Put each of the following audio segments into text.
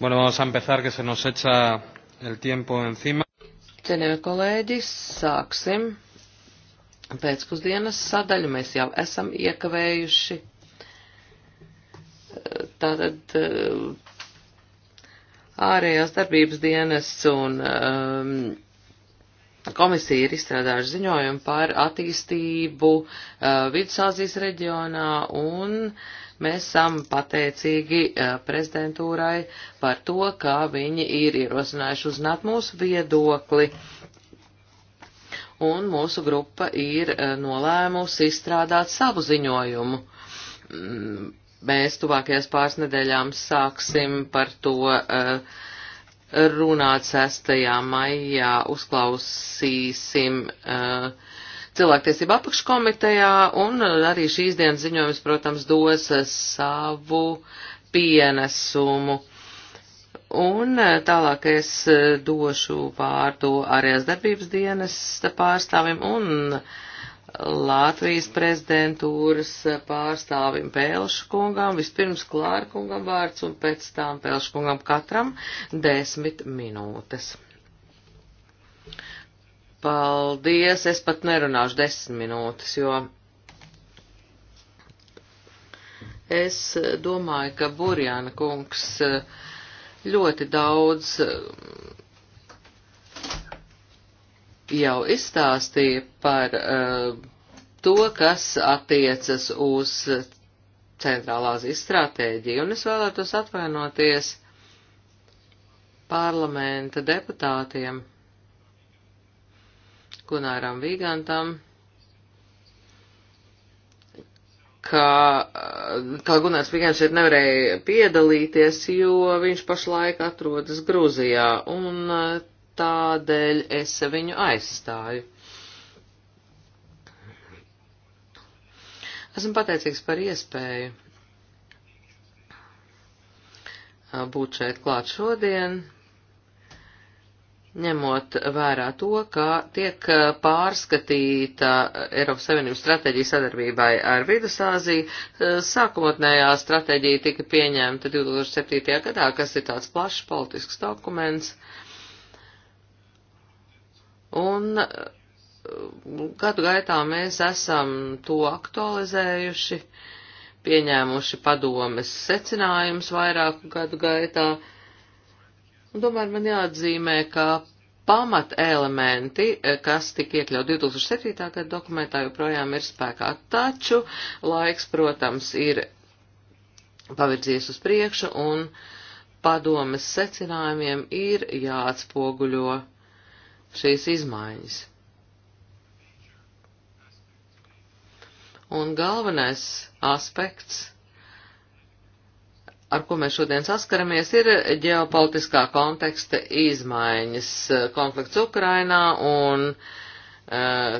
Bueno, vamos a empezar, que se nos echa el tiempo encima. Cienījamie kolēģi, sāksim. Pēcpusdienas sadaļu mēs jau esam iekavējuši. Tātad ārējās darbības dienas un um, Komisija ir izstrādājuši ziņojumu par attīstību uh, Vidusāzijas reģionā un mēs esam pateicīgi uh, prezidentūrai par to, kā viņi ir ierosinājuši uznāt mūsu viedokli. Un mūsu grupa ir uh, nolēmusi izstrādāt savu ziņojumu. Mm, mēs tuvākajās pāris nedēļām sāksim par to uh, runāt 6. maijā, uzklausīsim uh, cilvēktiesību apakškomitejā, un uh, arī šīs dienas ziņojums, protams, dos uh, savu pienesumu. Un uh, tālāk es došu vārdu ārējās darbības dienas pārstāvim un uh, Latvijas prezidentūras pārstāvim Pēlškungam, vispirms Klārkungam vārds un pēc tām Pēlškungam katram desmit minūtes. Paldies, es pat nerunāšu desmit minūtes, jo es domāju, ka Burjāna kungs ļoti daudz jau izstāstīja par uh, to, kas attiecas uz Centrālāzijas stratēģiju, un es vēlētos atvainoties parlamenta deputātiem Gunāram Vīgantam, ka, eh, ka Gunārs Vīgants šeit nevarēja piedalīties, jo viņš pašlaik atrodas Gruzijā, un eh, tādēļ es viņu aizstāju. Esmu pateicīgs par iespēju būt šeit klāt šodien, ņemot vērā to, ka tiek pārskatīta Eiropas Savienības stratēģija sadarbībai ar Vidusāziju. Sākotnējā stratēģija tika pieņemta 2007. gadā, kas ir tāds plašs politisks dokuments. Uh, Un uh, gadu gaitā mēs esam to aktualizējuši, pieņēmuši padomes secinājumus vairāku gadu gaitā. Un tomēr man jāatzīmē, ka pamat elementi, eh, kas tika iekļaut 2007. gada dokumentā, joprojām ir spēkā. Taču laiks, protams, ir pavirdzies uz priekšu un padomes secinājumiem ir jāatspoguļo šīs izmaiņas. Un galvenais aspekts, ar ko mēs šodien saskaramies, ir ģeopolitiskā konteksta izmaiņas, konflikts Ukrainā un uh,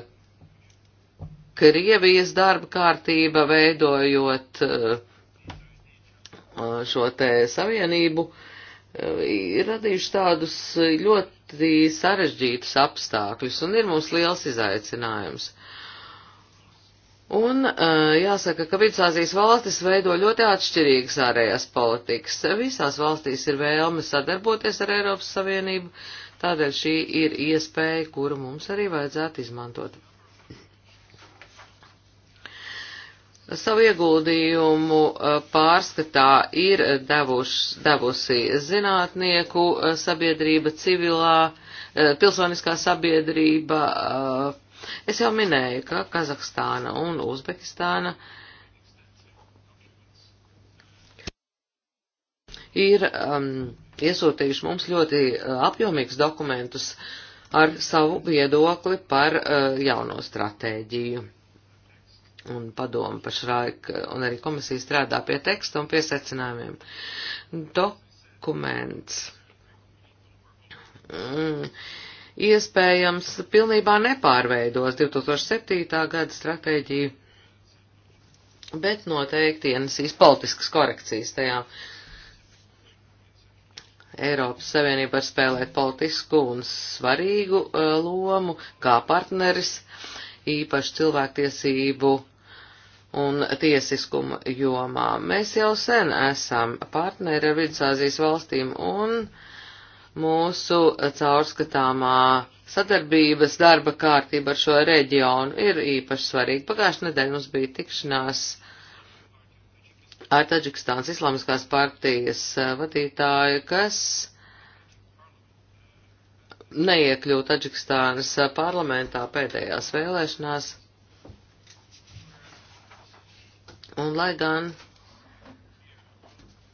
Krievijas darba kārtība veidojot uh, šo te savienību, uh, ir radījuši tādus ļoti ļoti sarežģītus apstākļus un ir mums liels izaicinājums. Un eh, jāsaka, ka Vidusāzijas valstis veido ļoti atšķirīgas ārējās politikas. Visās valstīs ir vēlme sadarboties ar Eiropas Savienību, tādēļ šī ir iespēja, kuru mums arī vajadzētu izmantot. savu ieguldījumu eh, pārskatā ir devuš, devusi zinātnieku eh, sabiedrība, civilā, eh, pilsoniskā sabiedrība. Es jau minēju, ka Kazahstāna un Uzbekistāna ir um, iesūtījuši mums ļoti apjomīgus dokumentus ar savu viedokli par uh, jauno stratēģiju un padomu pašlaik, un arī komisija strādā pie teksta un pie secinājumiem. Dokuments. Mm. Iespējams, pilnībā nepārveidos 2007. gada stratēģiju, bet noteikti ienesīs politiskas korekcijas tajā. Eiropas Savienība var spēlēt politisku un svarīgu uh, lomu kā partneris. Uh, īpaši cilvēktiesību un tiesiskuma jomā. Mēs jau sen esam partneri ar Vidusāzijas valstīm un mūsu caurskatāmā sadarbības darba kārtība ar šo reģionu ir īpaši svarīga. Pagājušajā nedēļā mums bija tikšanās ar Taģikstānas Islamiskās partijas eh, vadītāju, kas neiekļūt Taģikstānas parlamentā pēdējās vēlēšanās. Un lai gan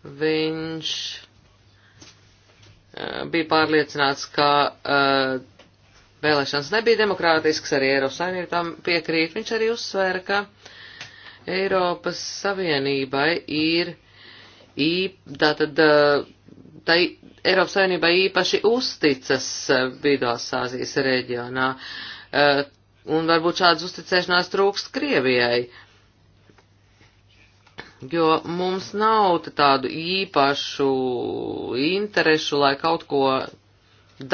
viņš eh, bija pārliecināts, ka uh, vēlēšanas nebija demokrātisks, arī Eiropas Savienība tam piekrīt, viņš arī uzsvēra, ka Eiropas Savienībai ir īp, tātad, uh, tai Eiropas Savienībai īpaši uzticas eh, Vidās Āzijas reģionā, eh, un varbūt šādas uzticēšanās trūkst Krievijai, jo mums nav tādu īpašu interešu, lai kaut ko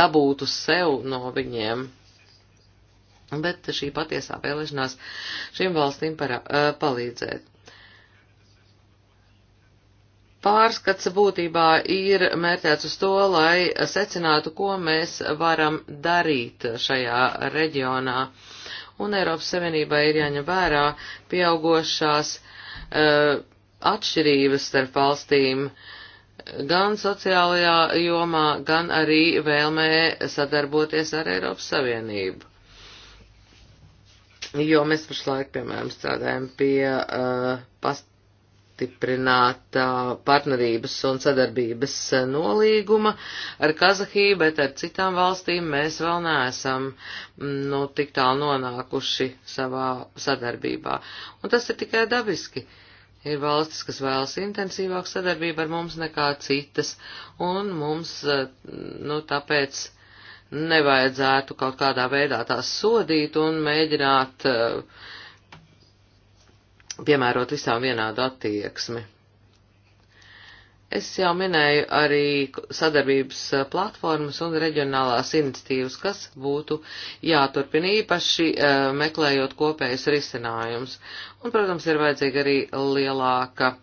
dabūtu sev no viņiem. Bet šī patiesā vēlēšanās šīm valstīm para, eh, palīdzēt. Pārskats būtībā ir mērķēts uz to, lai secinātu, ko mēs varam darīt šajā reģionā. Un Eiropas Savienībā ir jāņem vērā pieaugošās uh, atšķirības starp valstīm gan sociālajā jomā, gan arī vēlmē sadarboties ar Eiropas Savienību. Jo mēs pašlaik, piemēram, strādājam pie uh, e, past pastiprināta partnerības un sadarbības nolīguma ar Kazahiju, bet ar citām valstīm mēs vēl neesam mm, nu, tik tālu nonākuši savā sadarbībā. Un tas ir tikai dabiski. Ir valstis, kas vēlas intensīvāku sadarbību ar mums nekā citas, un mums, mm, nu, tāpēc nevajadzētu kaut kādā veidā tās sodīt un mēģināt uh, piemērot visām vienādu attieksmi. Es jau minēju arī sadarbības eh, platformas un reģionālās iniciatīvas, kas būtu jāturpina īpaši eh, meklējot kopējus risinājumus. Un, protams, ir vajadzīga arī lielāka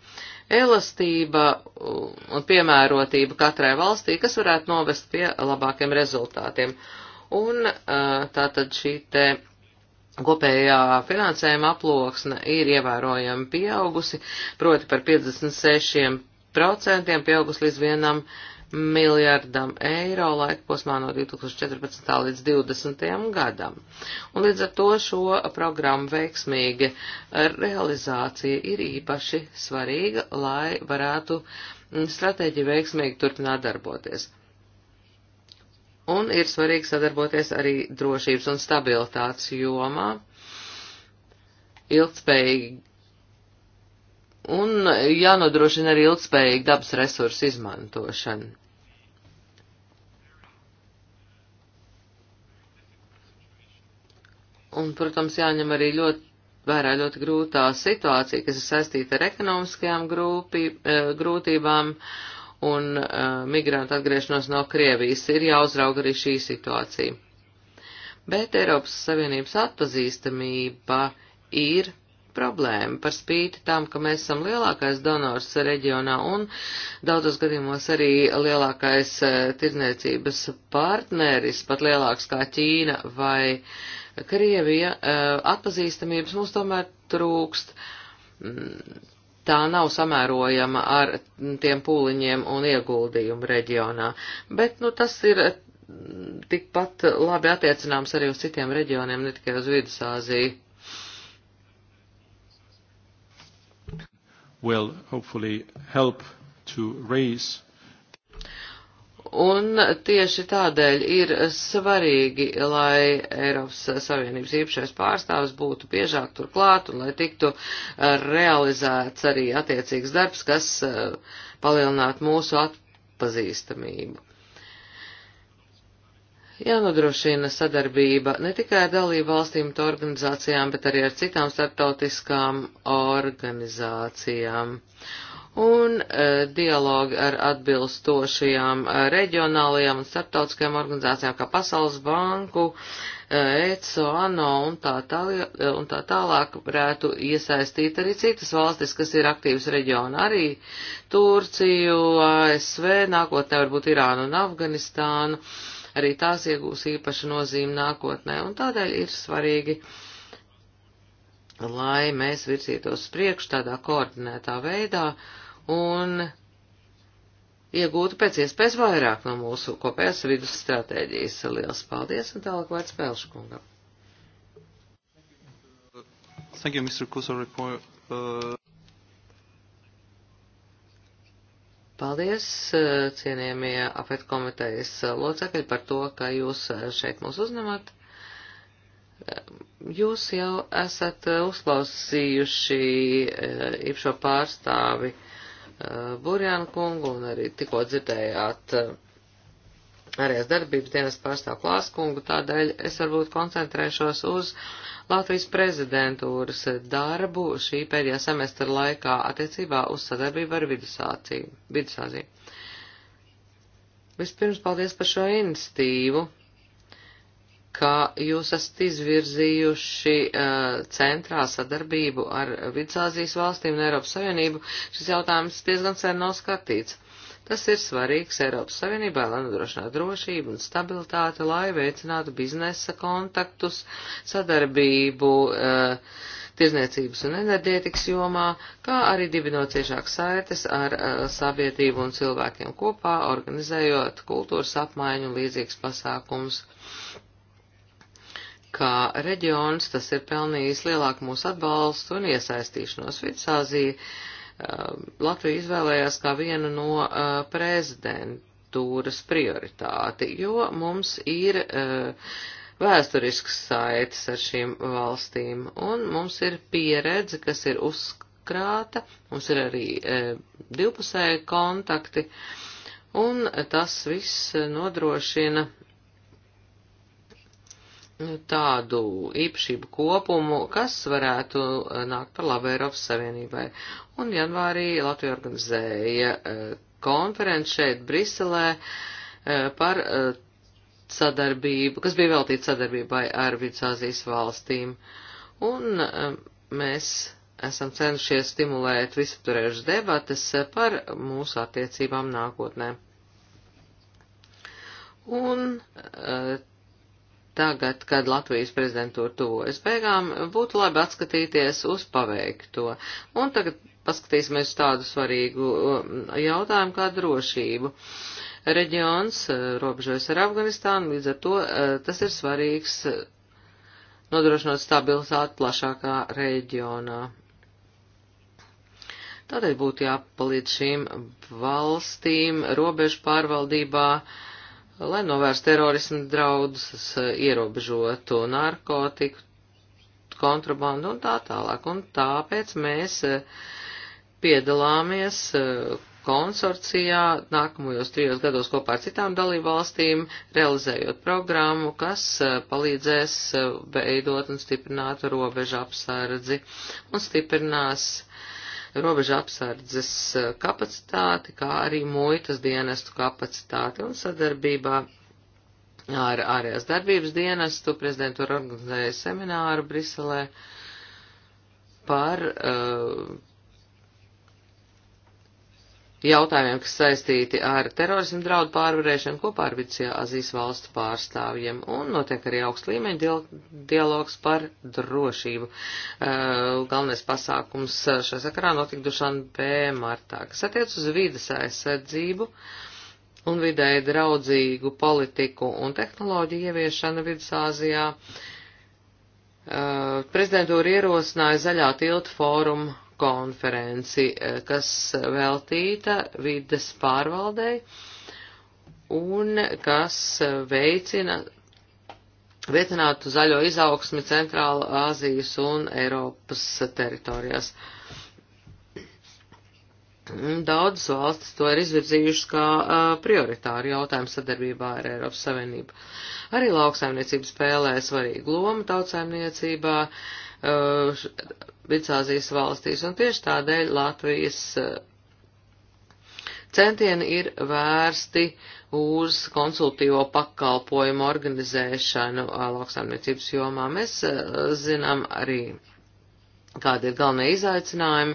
elastība un piemērotība katrai valstī, kas varētu novest pie labākiem rezultātiem. Un eh, tātad šī te Kopējā finansējuma aploksne ir ievērojami pieaugusi, proti par 56% pieaugusi līdz vienam miljardam eiro laikposmā no 2014. līdz 2020. gadam. Un līdz ar to šo programmu veiksmīga realizācija ir īpaši svarīga, lai varētu mm, stratēģi veiksmīgi turpināt darboties un ir svarīgi sadarboties arī drošības un stabilitātes jomā, ilgspējīgi, un jānodrošina arī ilgspējīgi dabas resursu izmantošana. Un, protams, jāņem arī ļoti vērā ļoti grūtā situācija, kas ir saistīta ar ekonomiskajām grūpi, eh, grūtībām, uh, un uh, migrantu atgriešanos no Krievijas ir jāuzrauga arī šī situācija. Bet Eiropas Savienības atpazīstamība ir problēma par spīti tam, ka mēs esam lielākais donors reģionā un daudzos gadījumos arī lielākais uh, tirdzniecības partneris, pat lielāks kā Ķīna vai Krievija, uh, atpazīstamības mums tomēr trūkst. Mm tā nav samērojama ar tiem pūliņiem un ieguldījumu reģionā. Bet, nu, tas ir mm, tikpat labi attiecināms arī uz citiem reģioniem, ne tikai uz Vidusāziju. Will hopefully help to raise Un tieši tādēļ ir svarīgi, lai Eiropas Savienības īpašais pārstāvis būtu biežāk turklāt un lai tiktu eh, realizēts arī attiecīgs darbs, kas eh, palielinātu mūsu atpazīstamību. Jānodrošina sadarbība ne tikai ar dalību valstīm un organizācijām, bet arī ar citām starptautiskām organizācijām. Uh, un uh, dialogi ar atbilstošajām uh, reģionālajām un starptautiskajām organizācijām, kā Pasaules banku, uh, ECO, ANO un tā, tālāk, un tā tālāk varētu iesaistīt arī citas valstis, kas ir aktīvas reģiona, arī Turciju, ASV, nākotnē varbūt Irānu un Afganistānu, arī tās iegūs īpašu nozīmi nākotnē, un tādēļ ir svarīgi lai mēs virzītos priekš tādā koordinētā veidā, uh, un iegūtu pēc iespējas vairāk no mūsu kopējās vidus stratēģijas. Liels paldies un tālāk vārds Pelškungam. Thank you, Mr. Kusar, report. Uh... Paldies, uh, cienījamie apet komitejas locekļi, par to, ka jūs uh, šeit mūs uzņemat. Uh, jūs jau esat uzklausījuši īpašo pārstāvi uh, Uh, Burjānu kungu un arī tikko dzirdējāt uh, arī es darbības dienas pārstāvu klāskungu, tādēļ es varbūt koncentrēšos uz Latvijas prezidentūras darbu šī pēdējā semestra laikā attiecībā uz sadarbību ar Vidusāziju. Vispirms paldies par šo inicitīvu, ka jūs esat izvirzījuši uh, centrā sadarbību ar Vidzāzijas valstīm un Eiropas Savienību. Šis jautājums diezgan sen nav skatīts. Tas ir svarīgs Eiropas Savienībai, lai nodrošinātu drošību un stabilitāti, lai veicinātu biznesa kontaktus, sadarbību. Uh, tirzniecības un enerģētikas jomā, kā arī dibinot ciešākas saites ar uh, sabiedrību un cilvēkiem kopā, organizējot kultūras apmaiņu un līdzīgas pasākums kā reģions, tas ir pelnījis lielāku mūsu atbalstu un iesaistīšanos. Vidzāzija um, Latvija izvēlējās kā vienu no uh, prezidentūras prioritāti, jo mums ir uh, vēsturisks saites ar šīm valstīm, un mums ir pieredze, kas ir uzkrāta, mums ir arī uh, divpusēji kontakti, un tas viss nodrošina tādu īpašību kopumu, kas varētu eh, nākt par labu Eiropas Savienībai. Un janvārī Latvija organizēja eh, konferenci šeit Briselē eh, par sadarbību, kas bija veltīta sadarbībai ar Vidzāzijas valstīm. Un mēs esam cenšies stimulēt visapturējušas debates par mūsu attiecībām nākotnē. Un tagad, kad Latvijas prezidentūra tuvojas beigām, būtu labi atskatīties uz paveikto. Un tagad paskatīsimies tādu svarīgu um, jautājumu kā drošību. Reģions uh, robežojas ar Afganistānu, līdz ar to uh, tas ir svarīgs uh, nodrošinot stabilitāti plašākā reģionā. Tādēļ būtu jāpalīdz šīm valstīm robežu pārvaldībā uh, lai novērstu terorismu draudus, e, ierobežotu narkotiku, kontrabandu un tā tālāk. Un tāpēc mēs e, piedalāmies e, konsorcijā nākamajos trijos gados kopā ar citām dalībvalstīm, realizējot programmu, kas palīdzēs veidot un stiprināt robežu apsardzi un stiprinās robeža apsardzes eh, kapacitāti, kā arī muitas dienestu kapacitāti un sadarbībā ar ārējās darbības dienestu prezidentūra organizēja semināru Briselē par uh, jautājumiem, kas saistīti ar terorismu draudu pārvarēšanu kopā ar Vidusjā Azijas valstu pārstāvjiem, un notiek arī augst līmeņa dialogs par drošību. Galvenais pasākums šajā sakarā notika Dušanbē martā, kas attiec uz vidas aizsardzību un vidēji draudzīgu politiku un tehnoloģiju ieviešana Vidusāzijā. Prezidentūra ierosināja zaļā tiltu fórumu konferenci, eh, kas veltīta vides pārvaldei un kas eh, veicina, veicinātu zaļo izaugsmi Centrāla Āzijas un Eiropas teritorijās. Daudzas valstis to ir izvirzījušas kā uh, prioritāru jautājumu sadarbībā ar Eiropas Savienību. Arī lauksaimniecība spēlē svarīgu lomu tautsēmniecībā. Uh, uh, Vidzāzijas valstīs, un tieši tādēļ Latvijas uh, centieni ir vērsti uz konsultīvo pakalpojumu organizēšanu uh, lauksaimniecības jomā. Mēs uh, zinām arī kādi ir galvenie izaicinājumi,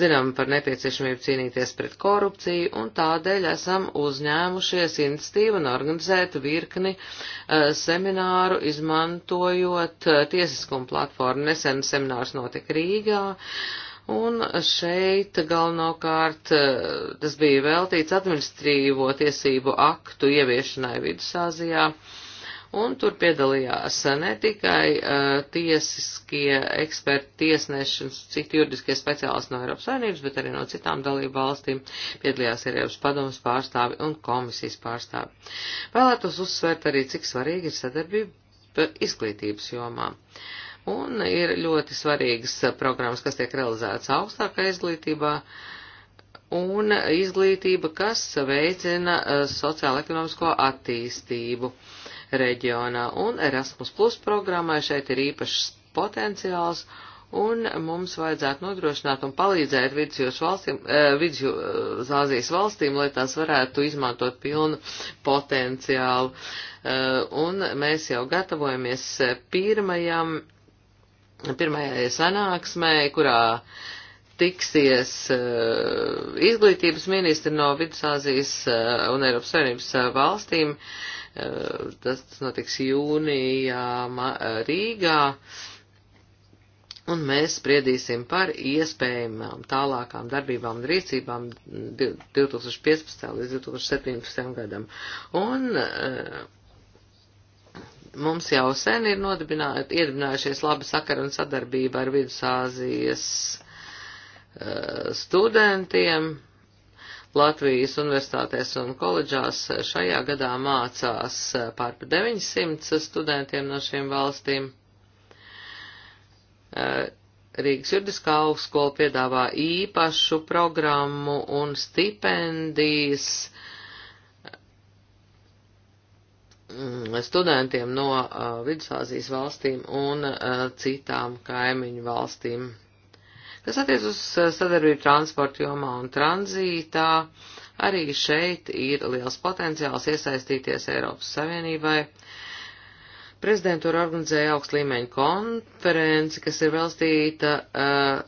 zinām par nepieciešamību cīnīties pret korupciju, un tādēļ esam uzņēmušies institīvu un organizētu virkni uh, semināru, izmantojot uh, eh, tiesiskumu platformu. Nesen seminārs notika Rīgā. Un šeit galvenokārt uh, tas bija veltīts administrīvo tiesību aktu ieviešanai Vidusāzijā. Uh, Un tur piedalījās ne tikai uh, tiesiskie eksperti, tiesneši un citi juridiskie speciālisti no Eiropas Savienības, bet arī no citām dalību valstīm. Piedalījās Eiropas padomas pārstāvi un komisijas pārstāvi. Vēlētos uzsvērt arī, cik svarīgi ir sadarbība izglītības jomā. Un ir ļoti svarīgas programmas, kas tiek realizētas augstākā izglītībā. Uh, un izglītība, kas veicina eh, sociālo ekonomisko attīstību reģionā, un Erasmus Plus programmai šeit ir īpašs potenciāls, un mums vajadzētu nodrošināt un palīdzēt vidusjūras valstīm, eh, vidusjūras eh, valstīm, lai tās varētu izmantot pilnu potenciālu. Eh, un mēs jau gatavojamies pirmajam, pirmajai sanāksmē, kurā tiksies izglītības ministri no Vidusāzijas un Eiropas Savienības valstīm Eh, tas notiks jūnijā eh, Rīgā, un mēs spriedīsim par iespējamām tālākām darbībām un rīcībām 2015. līdz 2017. gadam. Un eh, mums jau sen ir iedibinājušies laba sakara un sadarbība ar Vidusāzijas studentiem, Latvijas universitātēs un koledžās šajā gadā mācās pār 900 studentiem no šiem valstīm. Rīgas juridiskā augstskola piedāvā īpašu programmu un stipendijas mm, studentiem no uh, Vidusāzijas valstīm un uh, citām kaimiņu valstīm. Kas attiec uz uh, sadarbību transporta jomā un tranzītā, arī šeit ir liels potenciāls iesaistīties Eiropas Savienībai. Prezidentūra organizēja augst līmeņu konferenci, kas ir velstīta uh,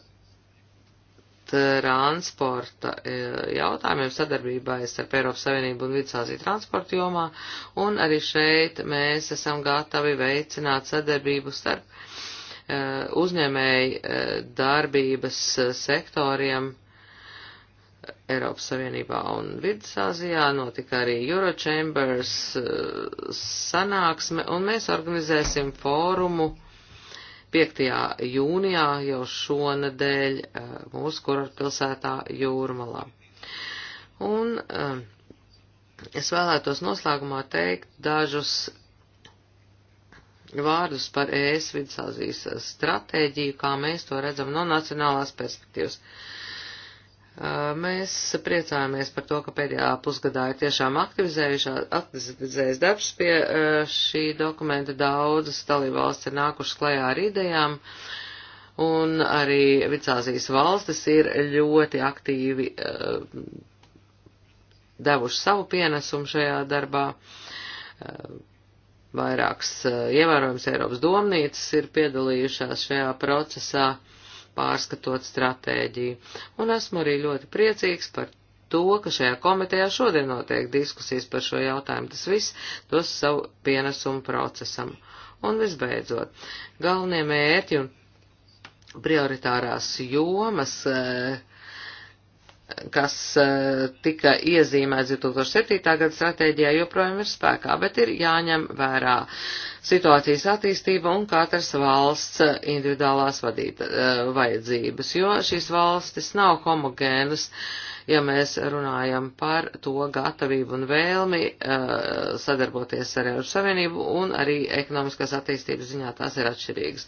transporta uh, jautājumiem sadarbībai starp Eiropas Savienību un Vidusāziju transporta jomā, un arī šeit mēs esam gatavi veicināt sadarbību starp Eh, uzņēmēji eh, darbības eh, sektoriem Eiropas Savienībā un Vidzāzijā, notika arī Eurochambers sanāksme, un mēs organizēsim fórumu 5. jūnijā jau šonadēļ mūsu kurortpilsētā Jūrmalā. Un es vēlētos noslēgumā teikt dažus vārdus par ES vidusāzijas stratēģiju, kā mēs to redzam no nacionālās perspektīvas. Mēs priecājamies par to, ka pēdējā pusgadā ir tiešām aktivizējis darbs pie šī dokumenta. Daudzas dalībvalstis ir nākušas klajā ar idejām, un arī Vicāzijas valstis ir ļoti aktīvi devuši savu pienesumu šajā darbā Vairākas eh, ievērojams Eiropas domnīcas ir piedalījušās šajā procesā, pārskatot stratēģiju. Un esmu arī ļoti priecīgs par to, ka šajā komitejā šodien notiek diskusijas par šo jautājumu. Tas viss dos savu pienesumu procesam. Un visbeidzot, galvenie mērķi un prioritārās jomas, eh, kas e, tika iezīmēts 2007. gada stratēģijā, joprojām ir spēkā, bet ir jāņem vērā situācijas attīstība un katras valsts individuālās vadīta e, vajadzības, jo šīs valstis nav homogēnas. Uh, ja mēs runājam par to gatavību un vēlmi uh, sadarboties ar Eiropas Savienību un arī ekonomiskās attīstības ziņā tās ir atšķirīgas.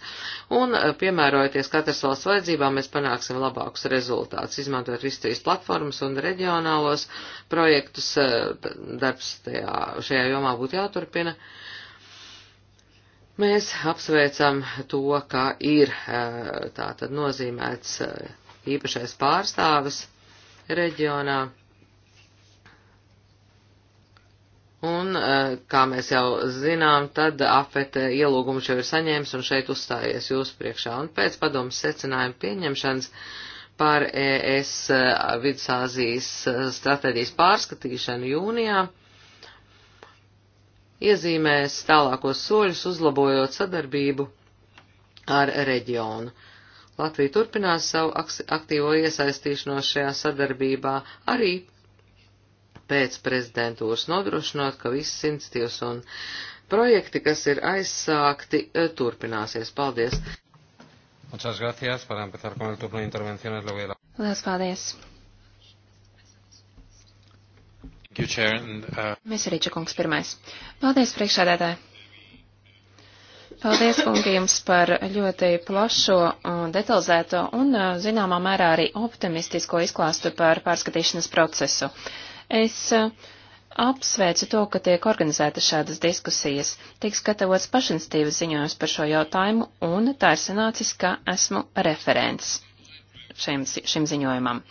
Un uh, piemērojoties katras valsts vajadzībām, mēs panāksim labākus rezultātus, izmantojot visu trīs platformas un reģionālos projektus. Uh, darbs tajā, šajā jomā būtu jāturpina. Mēs apsveicam to, ka ir uh, tātad nozīmēts uh, īpašais pārstāvis reģionā. Un, eh, kā mēs jau zinām, tad afete ielūgumu jau ir saņēmis un šeit uzstājies jūsu priekšā. Un pēc padomas secinājuma pieņemšanas par ES eh, Vidusāzijas eh, stratēģijas pārskatīšanu jūnijā iezīmēs tālākos soļus uzlabojot sadarbību ar reģionu. Latvija turpinās savu aktīvo iesaistīšanos šajā sadarbībā arī pēc prezidentūras nodrošinot, ka visas institīvas un projekti, kas ir aizsākti, eh, turpināsies. Paldies! Muchas gracias. Para empezar con el turno de intervenciones, le voy a la... Lielas paldies! You, Chair, and, uh... Mēs arī čakungs pirmais. Paldies, priekšsēdētāji! Paldies, kungi, jums par ļoti plašo, uh, detalizēto un, uh, zināmā mērā, arī optimistisko izklāstu par pārskatīšanas procesu. Es uh, apsveicu to, ka tiek organizēta šādas diskusijas, tiek skatavots pašinstīvas ziņojums par šo jautājumu, un tā ir sanācis, ka esmu referents šim, šim ziņojumam.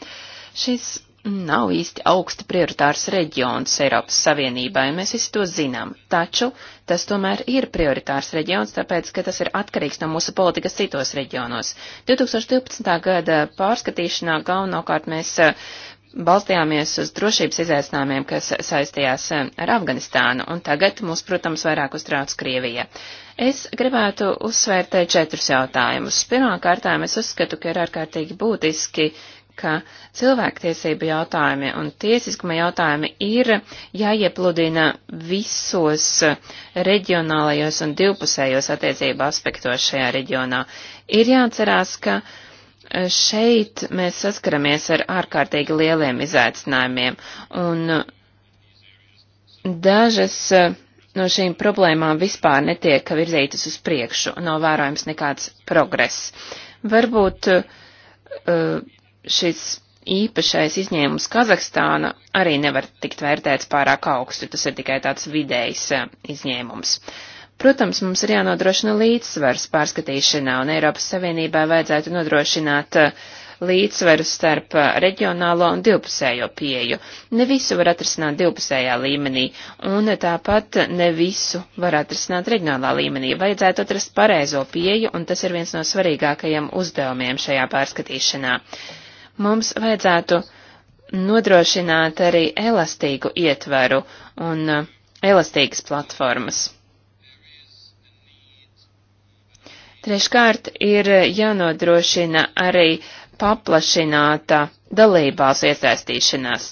Šis nav īsti augsti prioritārs reģions Eiropas Savienībai, mēs visi to zinām, taču tas tomēr ir prioritārs reģions, tāpēc, ka tas ir atkarīgs no mūsu politikas citos reģionos. 2012. gada pārskatīšanā galvenokārt mēs eh, balstījāmies uz drošības izaicinājumiem, kas saistījās eh, ar Afganistānu, un tagad mūs, protams, vairāk uztrauc Krievija. Es gribētu uzsvērt eh, četrus jautājumus. Pirmkārtām es uzskatu, ka ir ārkārtīgi būtiski ka cilvēktiesība jautājumi un tiesiskuma jautājumi ir jāiepludina visos reģionālajos un divpusējos attiecību aspektos šajā reģionā. Ir jāatcerās, ka e, šeit mēs saskaramies ar ārkārtīgi lieliem izaicinājumiem, un dažas e, no šīm problēmām vispār netiek virzītas uz priekšu, nav vērojams nekāds progress. Varbūt uh, šis īpašais izņēmums Kazahstāna arī nevar tikt vērtēts pārāk augstu, tas ir tikai tāds vidējs eh, izņēmums. Protams, mums ir jānodrošina līdzsvars pārskatīšanā, un Eiropas Savienībai vajadzētu nodrošināt eh, līdzsvaru starp eh, reģionālo un divpusējo pieju. Ne visu var atrisināt divpusējā līmenī, un tāpat ne visu var atrisināt reģionālā līmenī. Vajadzētu atrast pareizo pieju, un tas ir viens no svarīgākajiem uzdevumiem šajā pārskatīšanā. Mums vajadzētu nodrošināt arī elastīgu ietveru un uh, elastīgas platformas. Treškārt ir uh, jānodrošina arī paplašināta dalībās iesaistīšanās.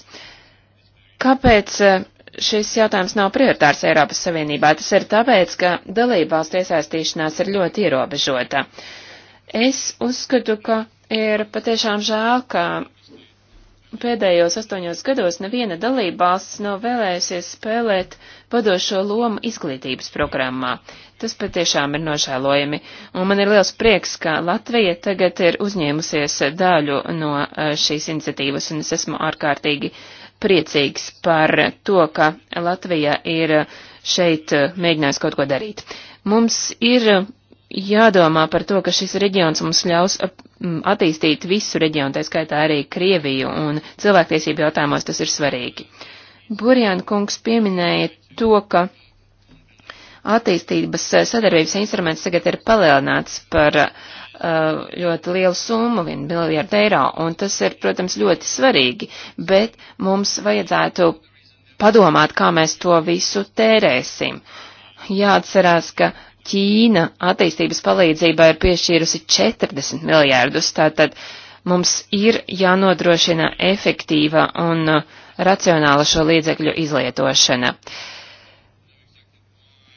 Kāpēc uh, šis jautājums nav prioritārs Eiropas Savienībā? Tas ir tāpēc, ka dalībās iesaistīšanās ir ļoti ierobežota. Es uzskatu, ka Ir patiešām žēl, ka pēdējos astoņos gados neviena dalībvalsts nav vēlējusies spēlēt vadošo lomu izglītības programmā. Tas patiešām ir nožēlojami, un man ir liels prieks, ka Latvija tagad ir uzņēmusies daļu no eh, šīs iniciatīvas, un es esmu ārkārtīgi priecīgs par to, ka Latvija ir eh, šeit eh, mēģinājis kaut ko darīt. Mums ir jādomā par to, ka šis reģions mums ļaus attīstīt visu reģionu, tā skaitā arī Krieviju, un cilvēktiesību jautājumos tas ir svarīgi. Burjāna kungs pieminēja to, ka attīstības eh, sadarbības instruments tagad ir palielināts par eh, ļoti lielu summu, 1 miljardu eiro, un tas ir, protams, ļoti svarīgi, bet mums vajadzētu padomāt, kā mēs to visu tērēsim. Jāatcerās, ka uh, Ķīna attīstības palīdzībā ir piešķīrusi 40 miljārdus, tātad mums ir jānodrošina efektīva un uh, racionāla šo līdzekļu izlietošana.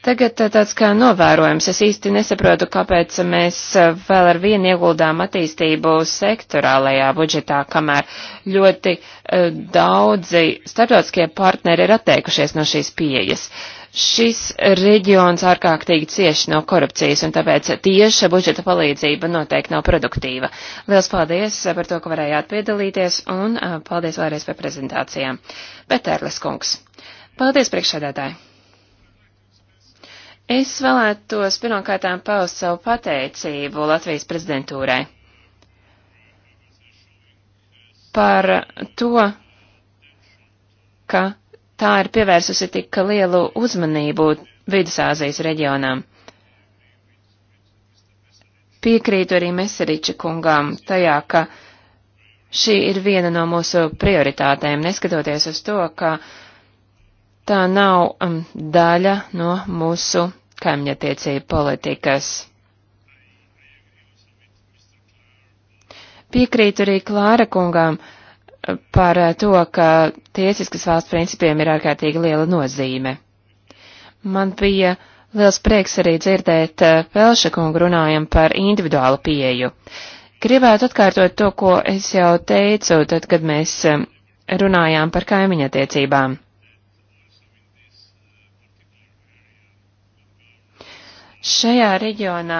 Tagad uh, tāds kā novērojums. Es īsti nesaprotu, kāpēc mēs uh, vēl ar vienu ieguldām attīstību sektorālajā budžetā, kamēr ļoti uh, daudzi starptautiskie partneri ir atteikušies no šīs pieejas. Uh, Šis reģions ārkārtīgi cieši no korupcijas, un tāpēc tieša budžeta palīdzība noteikti nav produktīva. Liels paldies par to, ka varējāt piedalīties, un paldies vēlreiz par prezentācijām. Petērlis kungs. Paldies, priekšsēdētāji. Es vēlētos pirmkārtām paust savu pateicību Latvijas prezidentūrai par to, ka tā ir pievērsusi tik lielu uzmanību Vidusāzijas reģionām. Piekrītu arī Meseriča kungām tajā, ka šī ir viena no mūsu prioritātēm, neskatoties uz to, ka tā nav um, daļa no mūsu kaimiņattiecību politikas. Piekrītu arī Klāra kungām, uh, par eh, to, ka tiesiskas valsts principiem ir ārkārtīgi liela nozīme. Man bija liels prieks arī dzirdēt eh, Pelša kungu runājam par individuālu pieeju. Gribētu atkārtot to, ko es jau teicu, tad, kad mēs eh, runājām par kaimiņa attiecībām. Šajā reģionā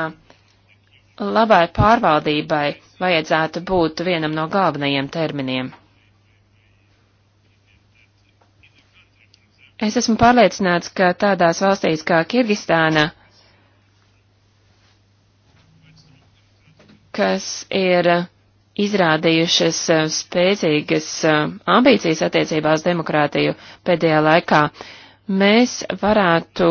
labai pārvaldībai vajadzētu būt vienam no galvenajiem terminiem. Es esmu pārliecināts, ka tādās valstīs kā Kirgistāna, kas ir izrādījušas uh, spēcīgas uh, ambīcijas attiecībās demokrātiju pēdējā laikā, mēs varētu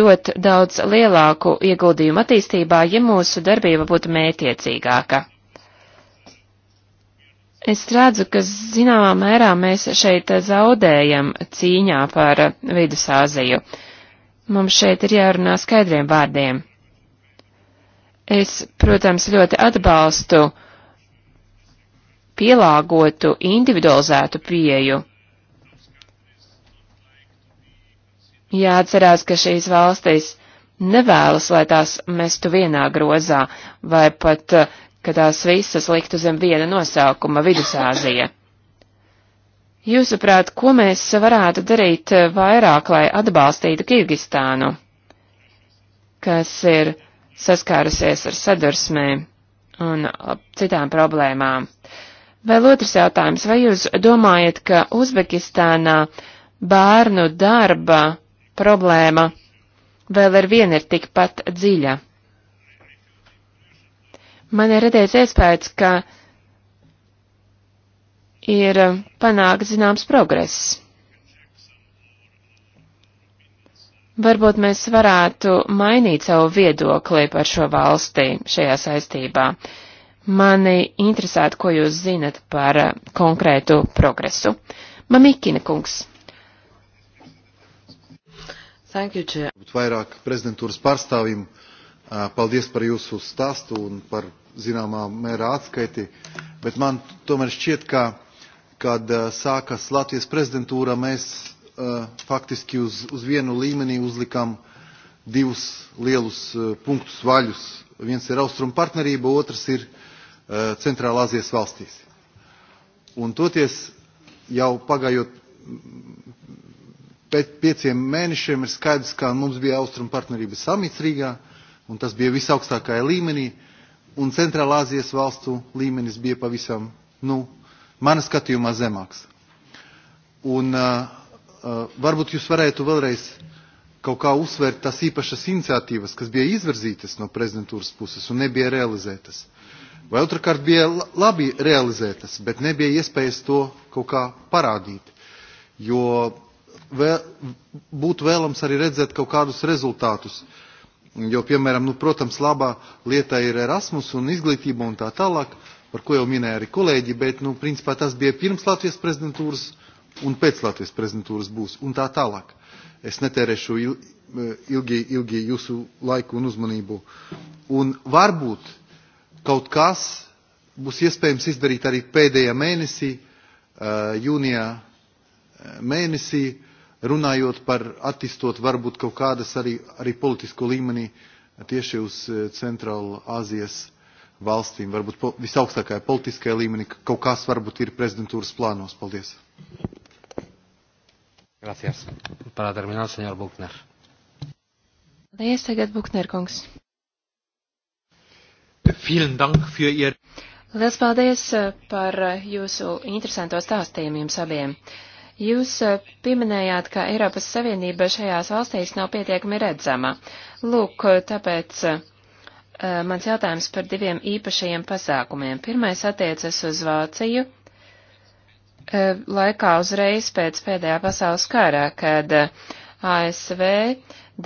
dot daudz lielāku ieguldījumu attīstībā, ja mūsu darbība būtu mētiecīgāka. Es redzu, ka zināmā mērā mēs šeit zaudējam cīņā par Vidusāziju. Mums šeit ir jārunā skaidriem vārdiem. Es, protams, ļoti atbalstu pielāgotu, individualizētu pieju. Jāatcerās, ka šīs valstis nevēlas, lai tās mestu vienā grozā vai pat ka tās visas liktu zem viena nosaukuma - Vidusāzija. Jūsuprāt, ko mēs varētu darīt eh, vairāk, lai atbalstītu Kirgistānu, kas ir saskārusies ar sadursmēm un uh, citām problēmām? Vēl otrs jautājums, vai jūs domājat, ka Uzbekistānā bērnu darba problēma vēl ar vienu ir tikpat dziļa? Man ir radies iespējas, ka ir panākts zināms progress. Varbūt mēs varētu mainīt savu viedokli par šo valsti šajā saistībā. Mani interesētu, ko jūs zinat par eh, konkrētu progresu. Mamikina kungs. Thank you, Chair. Vairāk prezidentūras pārstāvjiem. Uh, Paldies par jūsu stāstu un par zināmā mērā atskaiti, bet man tomēr šķiet, ka, kad sākas Latvijas prezidentūra, mēs uh, faktiski uz, uz vienu līmenī uzlikām divus lielus uh, punktus vaļus. Viens ir austrumu partnerība, otrs ir uh, centrāla Azijas valstīs. Un toties jau pagājot pēc pieciem mēnešiem ir skaidrs, ka mums bija austrumu partnerības samits Rīgā, uh, un tas bija visaugstākajā līmenī, un Centrālāzijas valstu līmenis bija pavisam, nu, mana skatījumā zemāks. Un uh, uh, varbūt jūs varētu vēlreiz kaut kā uzsvērt tās īpašas iniciatīvas, kas bija izvirzītas no prezidentūras puses un nebija realizētas. Vai otrkārt bija labi realizētas, bet nebija iespējas to kaut kā parādīt, jo vēl, būtu vēlams arī redzēt kaut kādus rezultātus. Uh, Jo, piemēram, nu, protams, labā lietā ir Erasmus un izglītība un tā tālāk, par ko jau minēja arī kolēģi, bet, nu, principā tas bija pirms Latvijas prezidentūras un pēc Latvijas prezidentūras būs un tā tālāk. Es netērēšu ilgi, ilgi jūsu laiku un uzmanību. Un varbūt kaut kas būs iespējams izdarīt arī pēdējā mēnesī, jūnijā mēnesī, runājot par attīstot varbūt kaut kādas arī, arī politisko līmenī tieši uz eh, Centrālu Āzijas valstīm, varbūt po, visaugstākajā politiskajā līmenī, kaut kas varbūt ir prezidentūras plānos. Paldies. Gracias. Para terminar, señor Buchner. Paldies, tagad Buchner kungs. Vielen Dank für Ihr. Liels paldies eh, par eh, jūsu interesanto stāstījumu jums abiem. Uh, Jūs pieminējāt, ka Eiropas Savienība šajās valstīs nav pietiekami redzama. Lūk, tāpēc mans jautājums par diviem īpašajiem pasākumiem. Pirmais attiecas uz Vāciju laikā uzreiz pēc pēdējā pasaules kārā, kad ASV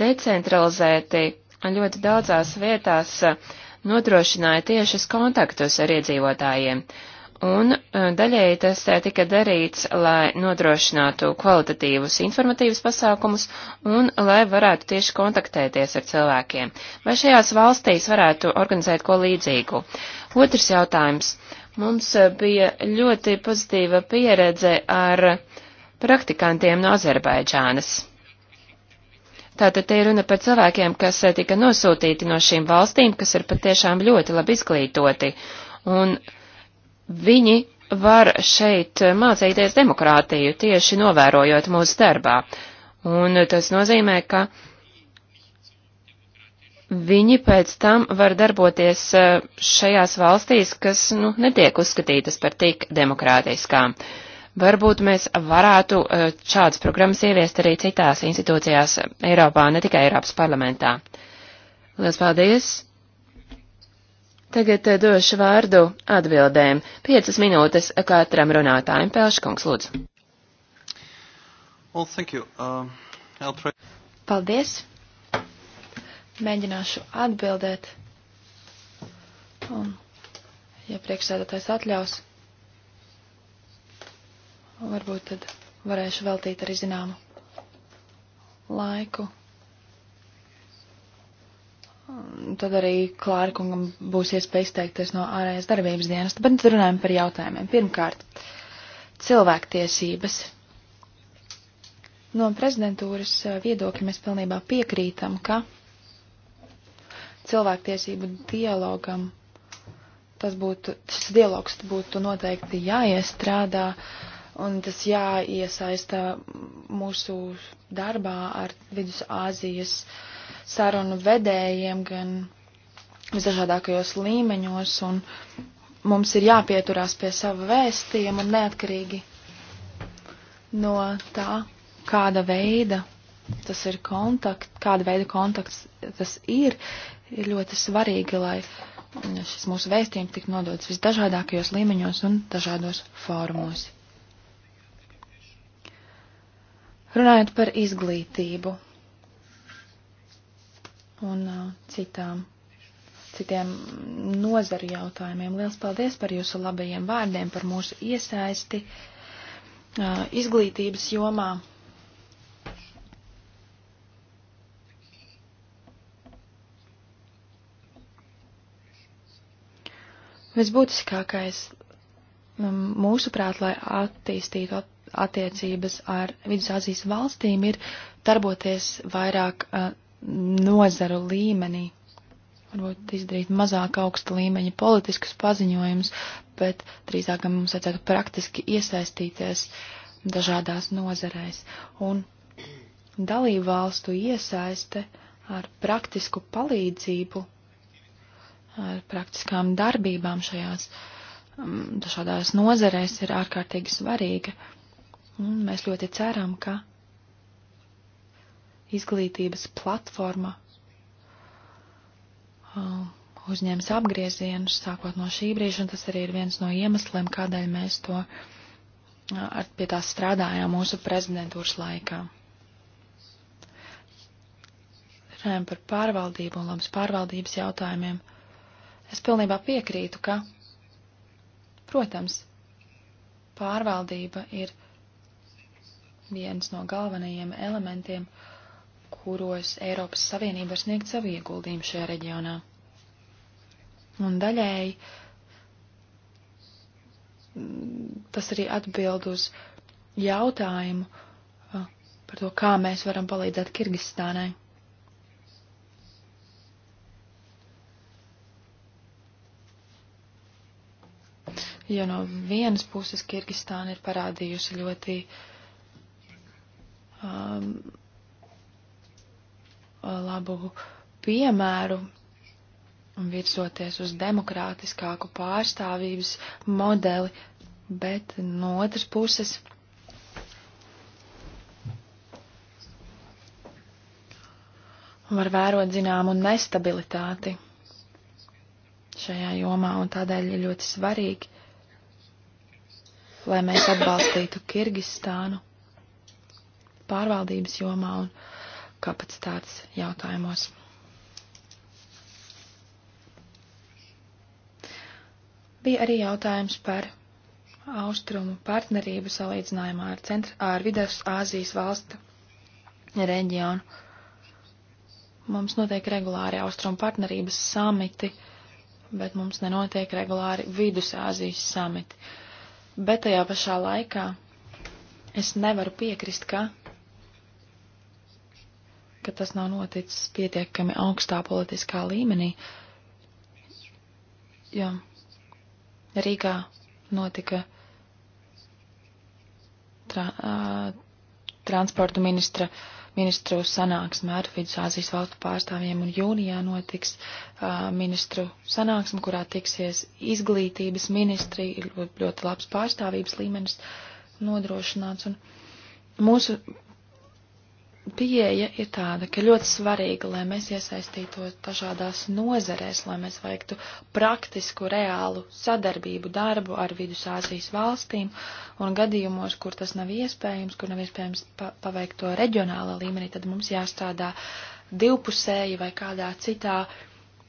decentralizēti ļoti daudzās vietās nodrošināja tiešas kontaktus ar iedzīvotājiem. Un eh, daļēji tas eh, tika darīts, lai nodrošinātu kvalitatīvus informatīvus pasākumus un lai varētu tieši kontaktēties ar cilvēkiem. Vai šajās valstīs varētu organizēt ko līdzīgu? Otrs jautājums. Mums eh, bija ļoti pozitīva pieredze ar praktikantiem no Azerbaidžānas. Tātad te ir runa par cilvēkiem, kas tika nosūtīti no šīm valstīm, kas ir patiešām ļoti labi izglītoti. Un uh, Viņi var šeit mācīties demokrātiju tieši novērojot mūsu darbā. Un tas nozīmē, ka viņi pēc tam var darboties e, šajās valstīs, kas nu, netiek uzskatītas par tik demokrātiskām. Varbūt mēs varētu e, šādas programmas ieviest arī citās institūcijās Eiropā, ne tikai Eiropas parlamentā. Lielas paldies! Tagad eh, došu vārdu atbildēm. Piecas minūtes katram runātājiem. Pēškungs, lūdzu. Well, thank you. Um, I'll try... Paldies. Mēģināšu atbildēt. Un, ja priekšsēdētājs atļaus, varbūt tad varēšu veltīt arī zināmu laiku tad arī Klārkungam būs iespēja izteikties no ārējās darbības dienas. Bet runājam par jautājumiem. Pirmkārt, cilvēktiesības. No prezidentūras eh, viedokļa mēs pilnībā piekrītam, ka cilvēktiesību dialogam tas būtu, šis dialogs būtu noteikti jāiestrādā un tas jāiesaista mūsu darbā ar Vidus Āzijas uh, sarunu vedējiem, gan visdažādākajos līmeņos, un mums ir jāpieturās pie sava vēstījuma neatkarīgi no tā, kāda veida tas ir kontakts, kāda veida kontakts tas ir, ir ļoti svarīgi, lai šis mūsu vēstījums tik nodots visdažādākajos līmeņos un dažādos fórumos. Runājot par izglītību un citām, citiem nozaru jautājumiem. Liels paldies par jūsu labajiem vārdiem, par mūsu iesaisti izglītības jomā. Visbūtiskākais mūsuprāt, lai attīstītu attiecības ar Vidusāzijas valstīm, ir darboties vairāk uh, nozaru līmenī. Varbūt izdarīt mazāk augsta līmeņa politiskus paziņojumus, bet drīzāk mums vajadzētu praktiski iesaistīties dažādās nozarēs. Un dalību valstu iesaiste ar praktisku palīdzību, ar praktiskām darbībām šajās mm, dažādās nozarēs ir ārkārtīgi svarīga. Un mēs ļoti ceram, ka izglītības platforma uh, uzņēmis apgriezienus sākot no šī brīža, un tas arī ir viens no iemesliem, kādēļ mēs to uh, ar, pie tā strādājām mūsu prezidentūras laikā. Runājam par pārvaldību un labas pārvaldības jautājumiem. Es pilnībā piekrītu, ka, protams, pārvaldība ir viens no galvenajiem elementiem uh, kuros Eiropas Savienība var sniegt savu ieguldījumu šajā reģionā. Un daļēji mm, tas arī atbild uz jautājumu par to, kā mēs varam palīdzēt Kirgistānai. Jo no vienas puses Kirgistāna ir parādījusi ļoti um, Uh, labu piemēru un virzoties uz demokrātiskāku pārstāvības modeli, bet no otras puses var vērot zināmu nestabilitāti šajā jomā, un tādēļ ir ļoti svarīgi, lai mēs atbalstītu Kirgistānu pārvaldības jomā un kapacitātes jautājumos. Bija arī jautājums par austrumu partnerību salīdzinājumā ar, centra, ar Vidus Āzijas valstu reģionu. Mums notiek regulāri austrumu partnerības samiti, bet mums nenotiek regulāri Vidus Āzijas samiti. Bet tajā pašā laikā es nevaru piekrist, ka ka tas nav noticis pietiekami augstā politiskā līmenī, jo Rīgā notika tra, uh, transporta ministra ministru sanāksme ar Vidusāzijas valstu pārstāvjiem un jūnijā notiks uh, ministru sanāksme, kurā tiksies izglītības ministri, ir ļoti labs pārstāvības līmenis nodrošināts. Un mūsu pieeja ir tāda, ka ļoti svarīga, lai mēs iesaistītos dažādās nozerēs, lai mēs veiktu praktisku, reālu sadarbību darbu ar Vidusāzijas valstīm un gadījumos, kur tas nav iespējams, kur nav iespējams pa paveikt to reģionāla līmenī, tad mums jāstrādā divpusēji vai kādā citā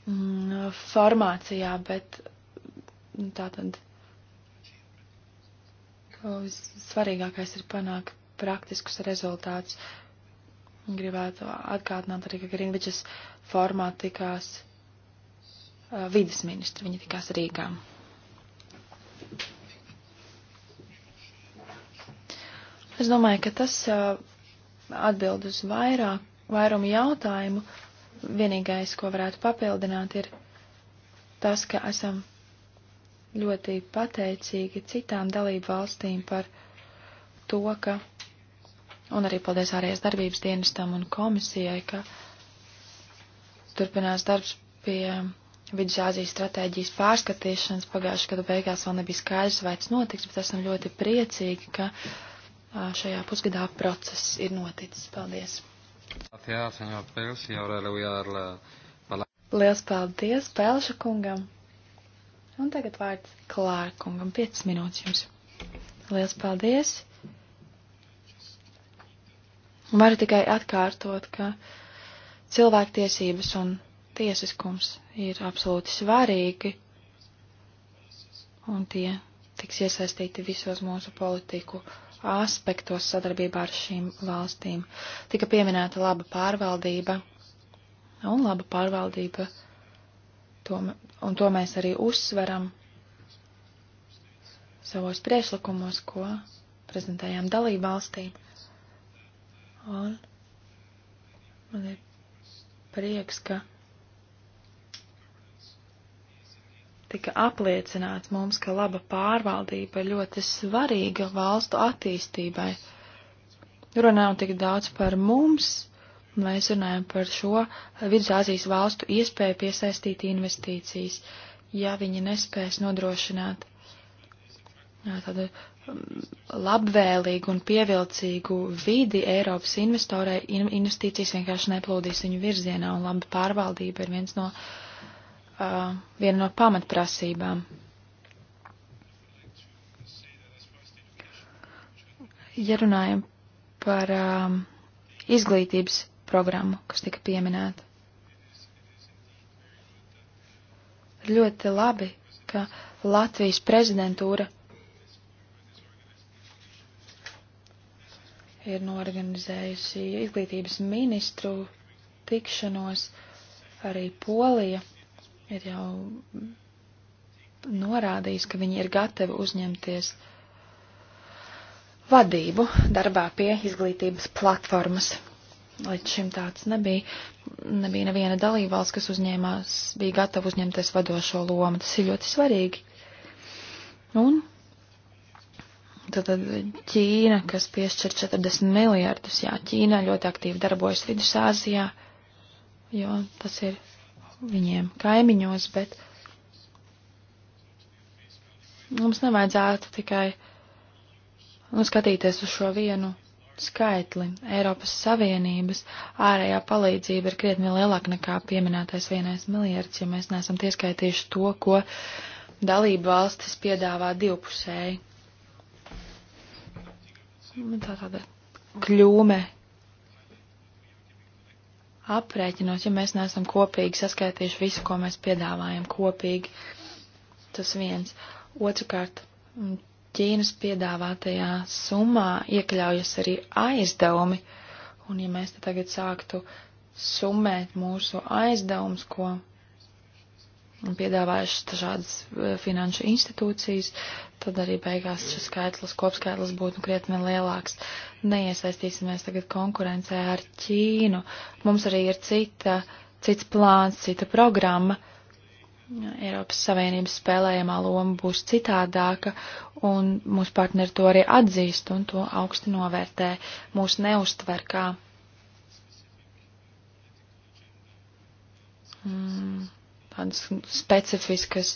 mm, formācijā, bet nu, tā tad svarīgākais ir panākt praktiskus rezultātus. Uh, Gribētu atgādināt arī, ka Grīnvičas formā tikās uh, vidas ministri, viņi tikās Rīgām. Es domāju, ka tas uh, atbild uz vairāk, vairumu jautājumu. Vienīgais, ko varētu papildināt, ir tas, ka esam ļoti pateicīgi citām dalību valstīm par to, ka Un arī paldies ārējās darbības dienestam un komisijai, ka turpinās darbs pie Vidusāzijas stratēģijas pārskatīšanas. Pagājušā gada beigās vēl nebija skaidrs, vai tas notiks, bet esam ļoti priecīgi, ka šajā pusgadā process ir noticis. Paldies! Liels paldies Pelša kungam! Un tagad vārds Klārkungam. 5 minūtes jums. Liels paldies! Varu tikai atkārtot, ka cilvēktiesības un tiesiskums ir absolūti svarīgi, un tie tiks iesaistīti visos mūsu politiku aspektos sadarbībā ar šīm valstīm. Tika pieminēta laba pārvaldība, un laba pārvaldība, to, un to mēs arī uzsveram savos priešlikumos, ko prezentējām dalību valstīm. Un man ir prieks, ka tika apliecināts mums, ka laba pārvaldība ir ļoti svarīga valstu attīstībai. Runājam tik daudz par mums, mēs runājam par šo Vidzāzijas valstu iespēju piesaistīt investīcijas, ja viņi nespēs nodrošināt tādu um, labvēlīgu un pievilcīgu vidi Eiropas investorai, investīcijas vienkārši neplūdīs viņu virzienā, un laba pārvaldība ir viens no, uh, viena no pamatprasībām. Ja runājam par um, izglītības programmu, kas tika pieminēta. Ļoti labi, ka Latvijas prezidentūra ir norganizējusi izglītības ministru tikšanos, arī Polija ir jau norādījis, ka viņi ir gatavi uzņemties vadību darbā pie izglītības platformas. Līdz šim tāds nebija. Nebija neviena dalībvalsts, kas uzņēmās, bija gatava uzņemties vadošo lomu. Tas ir ļoti svarīgi. Un Tātad Ķīna, kas piešķir 40 miljardus, jā, Ķīna ļoti aktīvi darbojas Vidusāzijā, jo tas ir viņiem kaimiņos, bet mums nevajadzētu tikai nu, skatīties uz šo vienu skaitli. Eiropas Savienības ārējā palīdzība ir krietni lielāka nekā pieminētais vienais miljards, ja mēs neesam ieskaitījuši to, ko dalību valstis piedāvā divpusēji tā tāda kļūme aprēķinos, ja mēs neesam kopīgi saskaitījuši visu, ko mēs piedāvājam kopīgi. Tas viens. Otrakārt, Ķīnas piedāvātajā summā iekļaujas arī aizdevumi, un ja mēs te tagad sāktu summēt mūsu aizdevumus, ko un piedāvājušas dažādas e, finanšu institūcijas, tad arī beigās šis skaitlis, kopskaitlis būtu krietni lielāks. Neiesaistīsimies tagad konkurencē ar Ķīnu. Mums arī ir cita, cits plāns, cita programma. Eiropas Savienības spēlējamā loma būs citādāka, un mūsu partneri to arī atzīst un to augsti novērtē. Mūs neuztver kā. Mm tādas specifiskas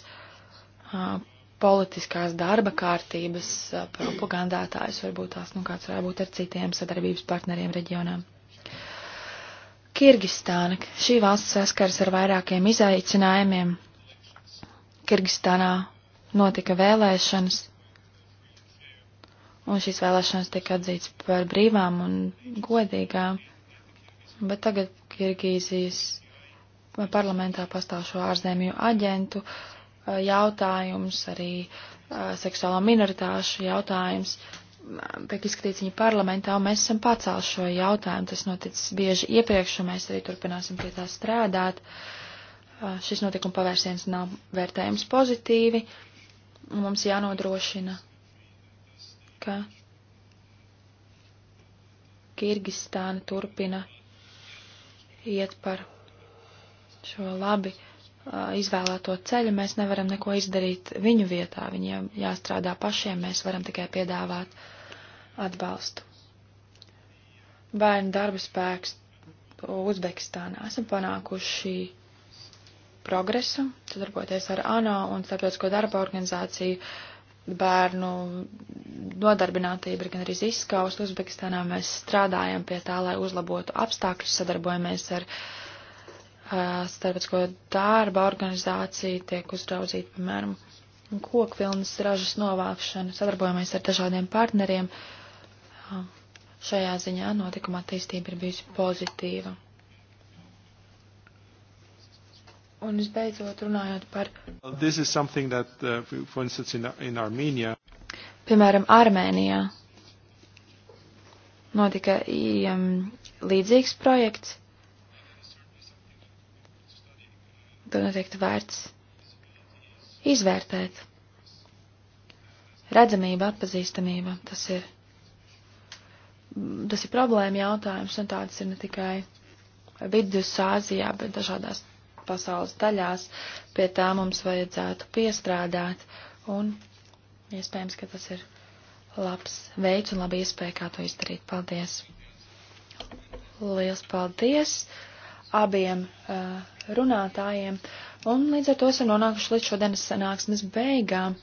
uh, politiskās darba kārtības uh, propagandētājs, varbūt tās, nu, kāds varētu būt ar citiem sadarbības partneriem reģionām. Kirgistāna. Šī valsts saskaras ar vairākiem izaicinājumiem. Kirgistānā notika vēlēšanas, un šīs vēlēšanas tika atzīts par brīvām un godīgām, bet tagad Kirgīzijas parlamentā pastāvošo ārzemju aģentu eh, jautājums, arī eh, seksuālo minoritāšu jautājums mm, tiek izskatīts viņa parlamentā, un mēs esam pacēluši šo jautājumu. Tas noticis bieži iepriekš, un mēs arī turpināsim pie tā strādāt. Eh, šis notikuma pavērsiens nav vērtējams pozitīvi, un mums jānodrošina, ka Kirgistāna turpina iet par šo labi izvēlēto ceļu, mēs nevaram neko izdarīt viņu vietā. Viņiem jāstrādā pašiem, mēs varam tikai piedāvāt atbalstu. Bērnu darba spēks Uzbekistānā esam panākuši progresu, sadarboties ar ANO un Starptautisko darba organizāciju. Bērnu nodarbinātība ir gan arī izskaust. Uzbekistānā mēs strādājam pie tā, lai uzlabotu apstākļus, sadarbojamies ar uh, starptautisko darba organizāciju tiek uzraudzīta, piemēram, kokvilnas ražas novākšana, sadarbojamies ar dažādiem partneriem. Šajā ziņā notikuma attīstība ir bijusi pozitīva. Un visbeidzot runājot par. This is something that, uh, for instance, in, in Armenia. Piemēram, Armēnijā notika um, līdzīgs projekts to noteikti vērts izvērtēt. Redzamība, atpazīstamība, tas ir, tas ir problēma jautājums, un tāds ir ne tikai Vidusāzijā, bet dažādās pasaules daļās. Pie tā mums vajadzētu piestrādāt, un iespējams, ka tas ir labs veids un laba iespēja, kā to izdarīt. Paldies! Liels paldies! abiem uh, runātājiem, un līdz ar to esam nonākuši līdz šodienas sanāksmes beigām.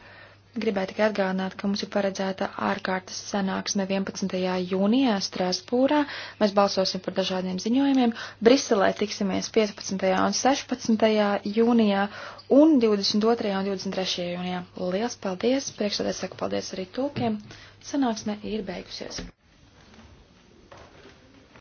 Gribēju tikai atgādināt, ka mums ir paredzēta ārkārtas sanāksme 11. jūnijā Strasbūrā. Mēs balsosim par dažādiem ziņojumiem. Briselē tiksimies 15. un 16. jūnijā un 22. un 23. jūnijā. Lielas paldies! Priekšsēdē saku paldies arī tūkiem. Sanāksme ir beigusies.